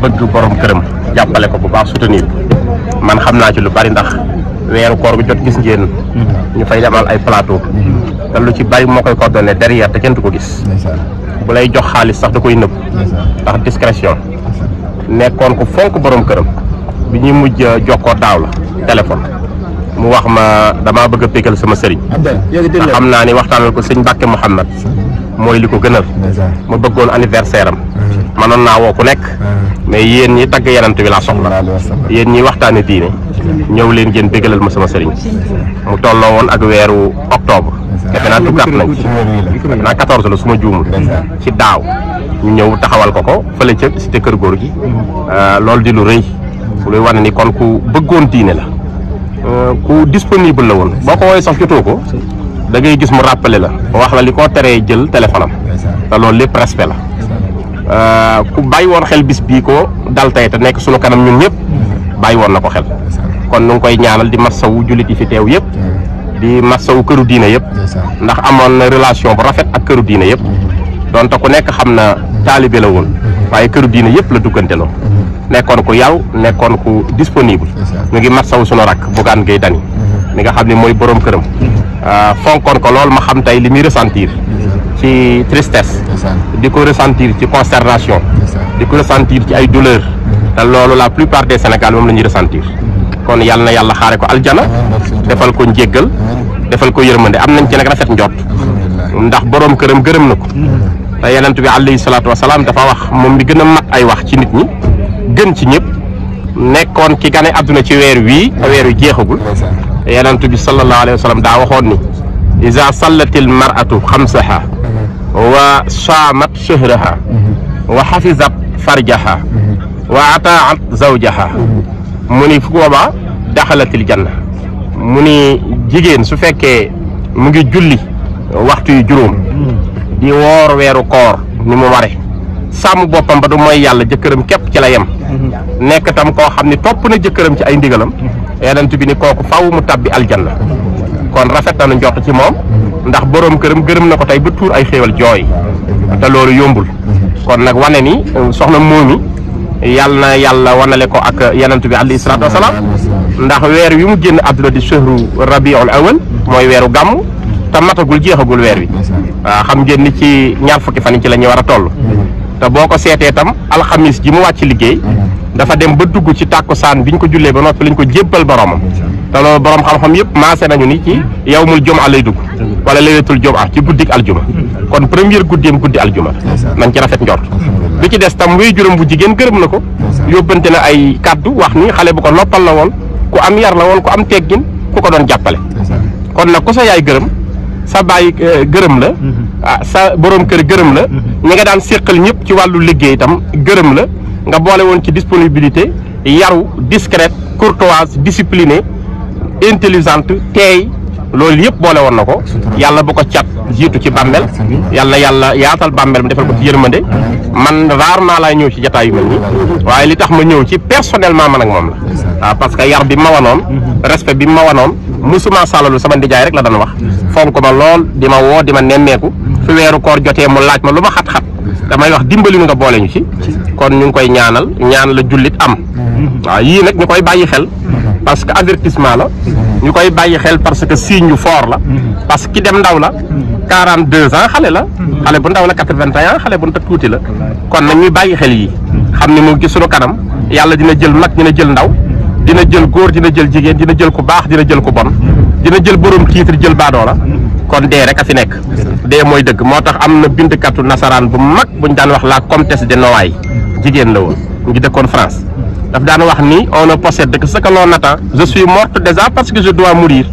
bëgg borom kërëm jappalé ko bu baax soutenir man xamna ci lu bari ndax wéru koor bi jot gis ngeen ñu fay demal ay plateau da lu ci bari mo koy ko donné derrière te kenn du ko gis bu lay jox xaaliss sax da koy neub ndax discrétion nekkon ko fonk borom kërëm bi ñi mujj jokkoo daaw la téléphone mu wax ma dama bëgg a pégal sama sëriñ xamna ni waxtaanal ko sëriñ Mbàkke Mouhamad moy liko gënal ma bëggoon anniversaire am manon na wo ku nek ah. mais yeen ñi tagg yanant bi la soxla yeen ñi waxtane diine ñew leen ngeen deggalal ma sama serigne mu tollo won ak wéru octobre defe naa tukkaat nañ defe naa la suma joomu ci daw ñu ñew taxawal ko ko fele ci ci gor gi mm. euh, lool di lu bu mm. lay wane ni kon ku bëggoon diine la euh, ku disponible la won boko way sax jotoo ko da ngay gis mu rappeler la wax la liko téré jël téléphone am respect la Euh, ku bàyyi woon xel bis bii ko dal tey te nekk sunu kanam ñun yépp bàyyi woon na ko xel kon nu ngi koy ñaanal di masawu jullit yi fi teew yëpp di masawu këru diina yëpp ndax amoon na relation bu rafet ak këru diine yëpp donte ku nekk xam na taalibee la woon waaye këru diine yëpp la dugganteloo nekkoon ku yaw nekkoon ku disponible ñu ngi masawu sunu rakk Bougane Gueye Dany mi nga xam ne mooy borom këram Ah, fonkoon ko lol ma xam tay limi ressentir ci tristesse diko ressentir ci consternation diko ressentir ci ay douleur ta lolou la plupart des Sénégal mom lañu ressentir kon yalla na yalla xare ko aljana defal ko njéggal defal ko yermande am nañ ci nak rafet njott ndax borom kërëm gërëm nako ta te bi alayhi salatu wassalam dafa wax mom bi gëna mat ay wax ci nit ñi gën ci ñepp nekkon ki gané aduna ci weer wi weer wi jéxagul yonent bi sallallahu alayhi wa sallam daa waxoon ni iza sallatil mar'atu xamsaha wa saamat shahraha wa xafizat farjaha wa ataat zawjaha mu ni fu boobaa daxalatil janna mu ni jigéen su fekkee mu ngi julli waxtu yu juróom di woor weeru koor ni mu ware sàmm boppam ba du mooy yàlla jëkkëram képp ci la yem mhm. nekk tam koo xam ne topp na jëkkëram ci ay ndigalam mhm. yonent bi ni kooku faw mu tàbbi aljanna kon rafet na nu njort ci moom ndax boroom këram gërëm na ko tey ba tuur ay xéewal jooy te loolu yombul kon nag wane ni euh, soxna moomi yàlla na yàlla wanale ko ak yenent bi alayhi salaatu wasalaam ndax weer wi mu génn àdduna di shahru rabiul awal mooy weeru gàmm te matagul jeexagul weer wi waaw xam ngeen ni ci ñaar fukki fan yi ci la ñu war a toll te boo ko seetee tam alxamis ji mu wàcc liggéey dafa dem ba dugg ci takusan biñ ko julle ba noppi lañ ko jébbal borom ta lo borom xam-xam yëpp maase nañu ni ci yawmul jumaa lay dugg wala laylatul jumaa ci guddik aljuma kon premier guddem guddi aljuma nañ ci rafet ndort bi ci dess tam way juram bu jigen gërem nako yobante na ay kaddu wax ni xalé bu ko noppal la won ku am yar la won ku am teggin ku ko don jappalé kon nag ku sa yaay gërem sa baay eh, gërem la ah, sa borom kër gërem la ñinga dan daan sékkal ñëpp ci walu liggéey tam gërem la nga boole woon ci disponibilité yaru discrète courtoise disciplinée intelligente teey loolu yëpp boole woon na ko yàlla bu ko cat jiitu ci bàmmel yàlla yàlla yaatal bàmmel mi defal ko ci yërmande man rarement laay ñëw ci jataay yu mel nii waaye li tax ma ñëw ci personnellement man ak moom la waaw ah, parce que yar bi ma wanoon respect bi ma wanoon musuma sàllalu sama ndijaay rek la daan wax fonk ma lool di ma woo di ma nemmeeku fi weeru koor jotee mu laaj ma lu ma xat damay wax dimbali nga boole ñu ci kon ñu ngi koy ñaanal ñaan la jullit am waaw yii nag ñu koy bàyyi xel parce que avertissement la ñu koy bàyyi xel parce que signe yu fort la parce que ki dem ndaw la quarante deux ans xale la xale bu ndaw la quatre vingt ans xale bu ndaw tuuti la kon nag ñuy bàyyi xel yi xam ne mu ngi sunu kanam yàlla dina jël mag dina jël ndaw dina jël góor dina jël jigéen dina jël ku baax dina jël ku bon dina jël borom titre jël baadoo la kon dé rek a fi nekk dee mooy dëgg moo tax am na bu mag buñ dan wax la comtesse de Noailles jigen la won ngi dëkkoon France daf dan wax ni on ne possède que ce que l'on attend je suis morte déjà parce que je dois mourir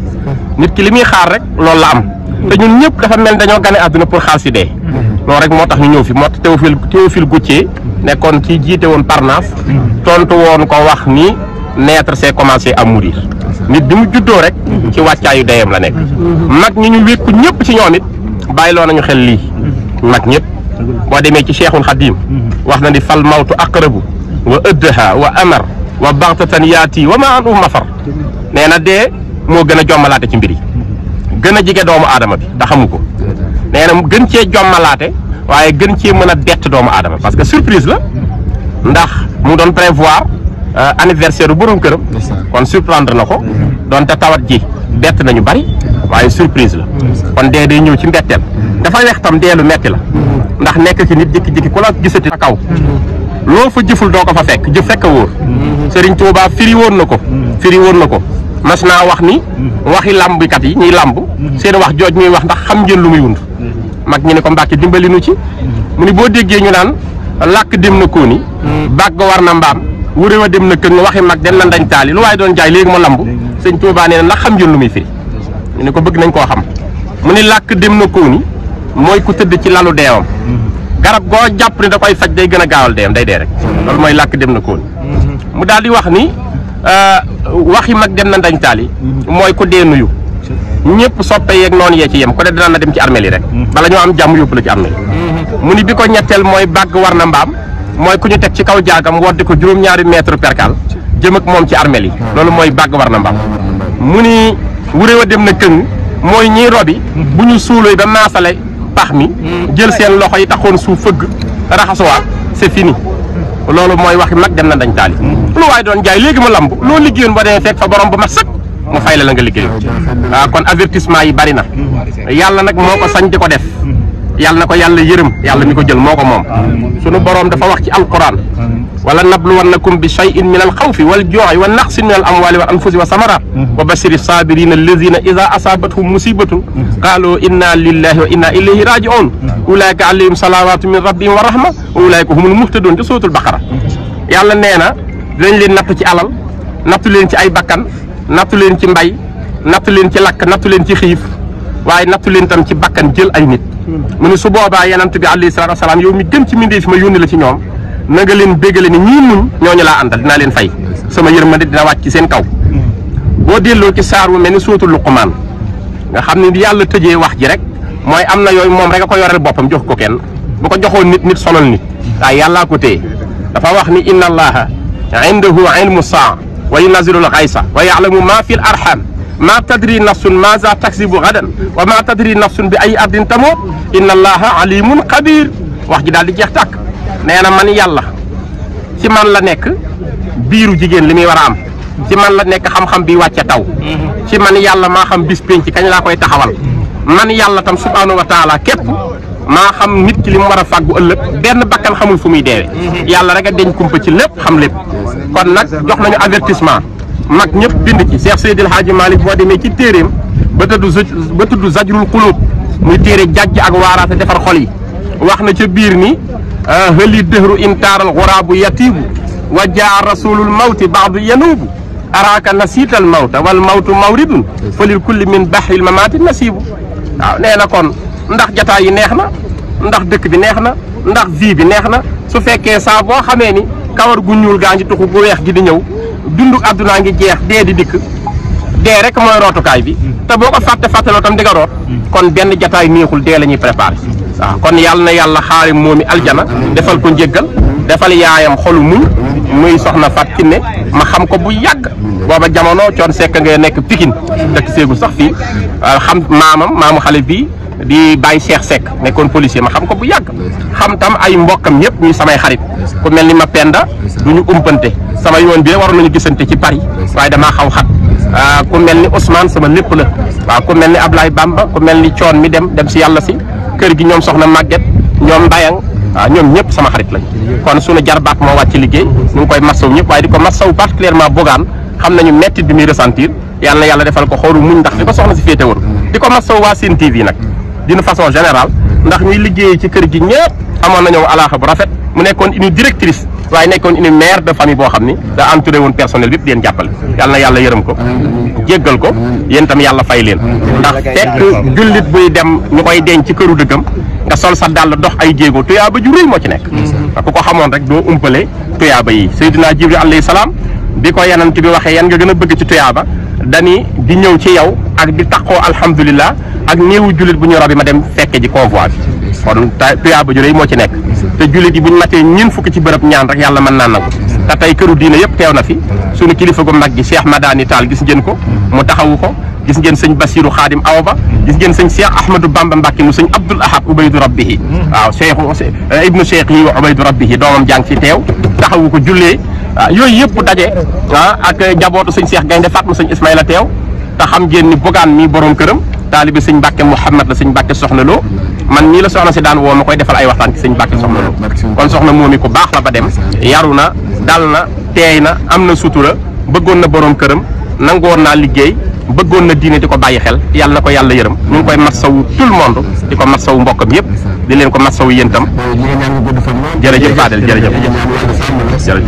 nit ki limi xaar rek lool la am te ñun ñëpp dafa mel dañu gané aduna pour xaar ci dé lool rek motax ñu ñëw fi moo tax Théophile Théophile Gautier nekkoon ci jité won Parnasse tontu won ko wax ni naître c'est commencer à mourir nit bi mu juddoo rek ci wàccaayu dayam la nekk mag ñu ñu wékku ñëpp ci ñoom it bàyyiloo nañu xel lii mag ñëpp moo demee ci cheikhul xadim wax na ni fal mawtu aqrabu wa ëddha wa amar wa baxtatan yaati wa ma an um mafar nee na dee moo gën a jommalaate ci mbir yi gën a jige doomu aadama bi da ko nee na gën cee jommalaate waaye gën cee mën a bett doomu aadama parce que surprise la ndax mu doon prévoir Euh, anniversaire borom keureum kon surprendre nako don ta tawat ji bet nañu bari waye surprise la kon dé day ñew ci mbettel dafa wex tam délu metti la ndax nek ci nit jikki jikki ku la gisati kaw lo fa jëful do ko fa fekk jëf fekk woor serigne touba firi won nako firi won nako masna wax ni waxi lamb kat yi ñi lamb seen wax joj ñi wax ndax xam ngeen lu muy wund mag ñi ne ko mbacke dimbali nu ci mu ni bo déggé ñu naan lak dem na ko ni bag warna mbam wuré wa dem na kën waxi mag dem na dañ taali lu waaye doon jaay léegi mu lamb sëñ Tuubaa na ndax xam ngeen lu muy firi ñu ne ko bëgg nañ koo xam mu ne làkk dem na koo ni mooy ku tëdd ci lalu deewam garab goo jàpp ne da koy faj day gën a gaawal deewam day dee rek loolu mooy làkk dem na koo mu daal di wax ni euh, waxi mag dem na dañ taali mooy ku dee nuyu ñëpp soppe yeeg noonu yee ci yem ko de dina na dem ci armeel yi rek bala ñoo am jàmm yóbbu la ci armeel mu ni bi ko mooy bàgg war na mbaam mooy ku ñu teg ci kaw jaagam waddi ko juróom-ñaari mètre perkal jëm ak moom ci armeel yi loolu mooy bàgg war na mbaam mu ni wuréw a dem na këng mooy ñiy robi bu ñu suuloy ba maasale baax mi jël seen loxo yi taxoon suuf fëgg raxasuwaat c'est fini loolu mooy waxi mag dem na dañ taali lu waaye doon jaay léegi mu lamb loo liggéeyoon ba demee fekk fa borom bu mat sëkk mu fay la la nga liggéeyoon waaw mm-hmm. ah, kon avertissement yi bari na mm-hmm. yàlla nag moo ko sañ di ko def yàlla na ko yàlla yërëm yàlla mi ko jël moo ko moom sunu boroom dafa wax ci alquran wala nabluwannakum bi shay'in min alxawfi wal jooxi naqsin min al wal anfusi wa samarat wa bashiri sabirina alladina ida asabatuhum musibatu qalu inna lillahi wa inna ilayhi raji'un ulaika alayhim salawatu min rabbihim wa rahma wa ulaika humul muhtadun ci suratul baqara yàlla nee na dinañ leen natt ci alal nattu leen ci ay bakkan nattu leen ci mbay nattu leen ci lakk nattu leen ci xiif waaye nattu leen tam ci bakkan jël ay nit mu ne su boobaa yenant bi alayhi salaatu wasalaam yow mi gën ci mindeef ma yónni la ci ñoom na nga leen béggale ni ñii muñ ñooñu laa àndal dinaa leen fay sama yërmande dina wàcc ci seen kaw boo delloo ci saar wu mel ni sóotu luqumaan nga xam ne yàlla tëjee wax ji rek mooy am na yooyu moom rek a ko yoreel boppam jox ko kenn bu ko joxoon nit nit sonal nit waaye yàllaa ko téye dafa wax ni inna allaha indahu ilmu saa wa yunazilu l xaysa wa yaalamu ma fi l arham ما تدري نفس ماذا تكسب غدا وما تدري نفس باي ارض تموت ان الله عليم قدير واخ دي جيخ تاك نانا مان يالا سي مان لا نيك بيرو جيجن لي مي ورا ام سي مان لا نيك خام خام بي واتيا تاو سي مان يالا ما خام بيس بينتي كاج لا كوي تخاوال مان يالا تام سبحانه وتعالى كيب ما خام نيت كي لي مورا فاغو اولك بن بكال خامول فومي ديري يالا رك دنج كومبا سي ليب خام ليب كون نك جوخ نانيو avertissement mag ñep bind ci Cheikh Seydil Hadji malik bo demé ci téréem ba tuddu ba tuddu zajrul qulub muy téré jàjj ak wara waaraate defar xol yi wax na ca biir ni hali dëhru intaaral ghurab yatib wa jaa rasulul mawti baadu yanuubu araaka nasiital mawta wal mawtu mawridun falil kulli min baxril mamaati nasiibu waaw nee na kon ndax jataay yi neex na ndax dëkk bi neex na ndax vie bi neex na su fekkee saa boo xamee ni kawar gu ñuul gaa tuxu gu weex gi di ñëw dundu àdduna ngi jeex dee di dikk dee rek mooy rootukaay bi te boo ko fàtte fàttaloo tam di root kon benn jataay neexul dee la ñuy préparé waaw kon yàlla na yàlla xaari moomi aljana defal ko njéggal defal yaayam xolu muñ muy soxna Fat ne ma xam ko bu yàgg booba jamono coon sekk ngay nekk Pikine dëkk séegul sax fii xam maamam maamu xale bii di bay Cheikh sek nekone policier ma xam ko bu yag xam tam ay mbokam ñëpp ñu samay xarit ku melni ma penda du ñu umpante sama yoon bi waroon nañu gisante ci Paris way dama xaw xat ah, ku melni Ousmane sama lepp la wa ku melni Ablaye Bamba ku melni cion mi dem dem ci yalla ci keur gi ñom soxna màgget ñom bayang ah, ñom ñep sama xarit lañ kon suñu jarbaat mo wacc liggéey ñu koy massaw ñep way diko massaw particulièrement bogan xam nañu mettit bi muy ressentir yalla yalla defal ko xooru muñ ndax diko soxna ci fété wor diko massaw wa seen TV nak d'une façon générale ndax ñuy liggéey ci kër gi ñëpp amoon nañoo alaaxa bu rafet mu nekkoon une directrice waaye nekkoon une mère de famille boo xam ni da entouré woon personnel bi leen jàppale yàlla na yàlla yërëm ko jéggal ko yéen itam yàlla fay leen ndax fekk gulit buy dem ñu koy denc ci këru dëggam nga sol sa dàll dox ay jéego tuyaa ba ju réy moo ci nekk ku ko xamoon rek do umpale tuyaa ba yi Seydina Jibril alayhi salam bi ko yenant bi waxee yan nga gën a bëgg ci tuyaa ba dani di ñëw ci yow ak di taqoo alhamdulillah ak néewu julit bu ñu rabi ma dem fekke ji convoi kon tuya bu jure mo ci nek te julit yi bu ñu matee ñeen fukki ci bërepp ñaan rek yalla man na nangu ta tay këru diina yépp teew na fi suñu kilifa gu mag gi cheikh madani tal gis ngeen ko mu taxawu ko gis ngeen seigne basirou khadim awba gis ngeen seigne cheikh ahmadou bamba mbàkke mu seigne abdul ahad ubayd rabbih waaw cheikh eh, ibnu cheikh yi ubayd rabbih rabbihi jang jàng fi teew taxawu ko julé ah, yoy yépp dajé ah, ak jabootu seigne cheikh gaynde fatou seigne ismaila tew ta xam ngeen ni bogan mi borom kërëm taalibe sëñ Mbàkke Mouhamad la sëñ Mbàkke soxna loo man nii la soxna si daan woo ma koy defal ay waxtaan ci sëñ Mbàkke soxna loo kon soxna moomi ku baax la ba dem yaru na dal na teey na am na sutura bëggoon na boroom këram nangoon naa liggéey bëggoon na diine di ko bàyyi xel yàlla na ko yàlla yërëm ñu ngi koy masawu tout le monde di ko masawu mbokkam yëpp di leen ko masawu yéen itam jërëjëf Fadel jërëjëf jërëjëf